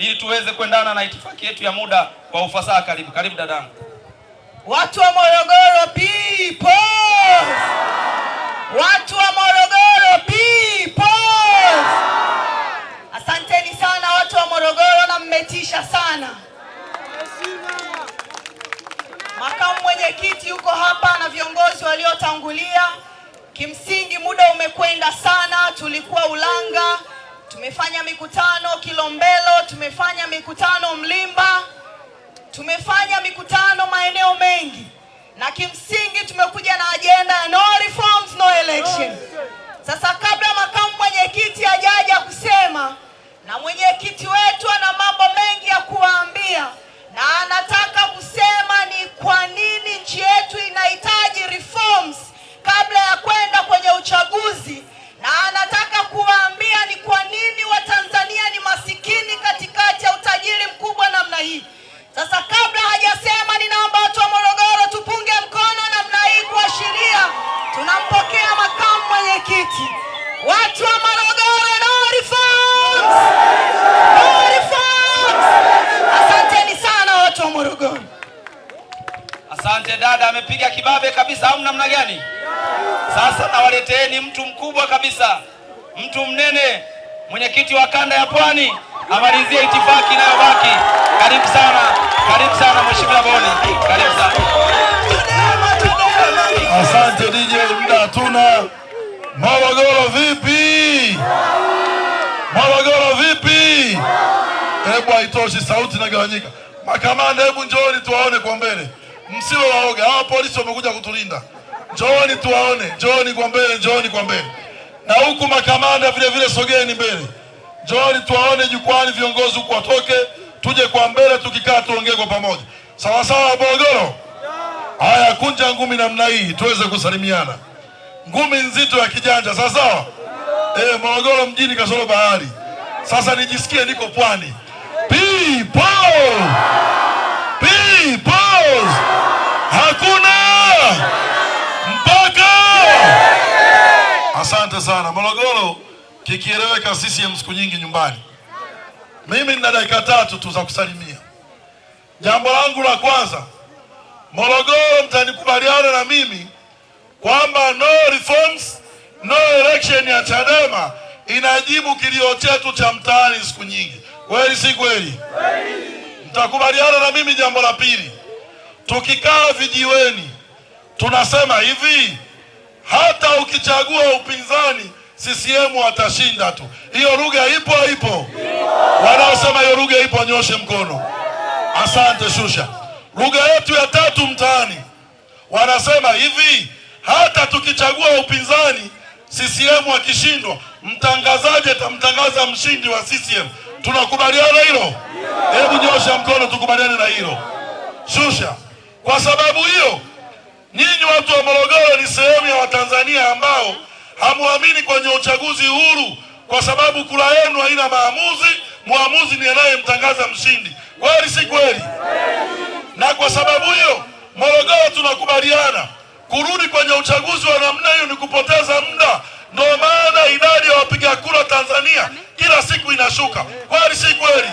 ili tuweze kuendana na itifaki yetu ya muda kwa ufasaha. Karibu karibu dadangu. Watu wa Morogoro people! Watu wa Morogoro people! Asanteni sana watu wa Morogoro na mmetisha sana. Makamu mwenyekiti yuko hapa na viongozi waliotangulia. Kimsingi muda umekwenda sana, tulikuwa Ulanga tumefanya mikutano Kilombero, tumefanya mikutano Mlimba, tumefanya mikutano maeneo mengi na kimsi watu Asante dada, amepiga kibabe kabisa, au namna gani? Sasa nawaleteeni mtu mkubwa kabisa, mtu mnene, mwenyekiti wa kanda ya Pwani amalizie itifaki inayobaki. Karibu sana, karibu sana mheshimiwa Boni, karibu sana. Asante DJ, muda hatuna. Morogoro vipi? Morogoro vipi? Hebu haitoshi, sauti inagawanyika. Makamanda, hebu njooni tuwaone kwa mbele, msiwe waoga. Hawa polisi wamekuja kutulinda. Njooni tuwaone, njooni kwa mbele, njooni kwa mbele. Na huku makamanda vile vile, sogeni mbele, njooni tuwaone jukwani. Viongozi huku watoke, tuje kwa mbele, tukikaa tuongee kwa pamoja, sawasawa. Morogoro haya, kunja ngumi namna hii tuweze kusalimiana ngumi nzito ya kijanja, sasa sawa. Eh, Morogoro mjini kasoro bahari. Sasa nijisikie niko pwani. People! Hakuna mpaka. Asante sana Morogoro, kikieleweka CCM siku nyingi nyumbani. Mimi nina dakika tatu tu za kusalimia. Jambo langu la kwanza, Morogoro, mtanikubaliana na mimi kwamba no reforms no election ya Chadema inajibu kilio chetu cha mtaani siku nyingi. Kweli si kweli? Mtakubaliana na mimi. Jambo la pili, tukikaa vijiweni tunasema hivi, hata ukichagua upinzani CCM watashinda tu. Hiyo lugha ipo haipo? Wanaosema hiyo lugha ipo nyoshe mkono. Asante, shusha. Lugha yetu ya tatu mtaani wanasema hivi hata tukichagua upinzani CCM akishindwa, mtangazaji atamtangaza mshindi wa CCM. Tunakubaliana hilo? Hebu nyosha mkono tukubaliane na hilo, shusha. Kwa sababu hiyo, nyinyi watu wa Morogoro ni sehemu ya Watanzania ambao hamwamini kwenye uchaguzi huru, kwa sababu kura yenu haina maamuzi. Mwamuzi ni anayemtangaza mshindi. Kweli si kweli? Na kwa sababu hiyo, Morogoro tunakubaliana Kurudi kwenye uchaguzi wa namna hiyo ni kupoteza muda. Ndio maana idadi ya wapiga kura Tanzania kila siku inashuka. Kweli si kweli?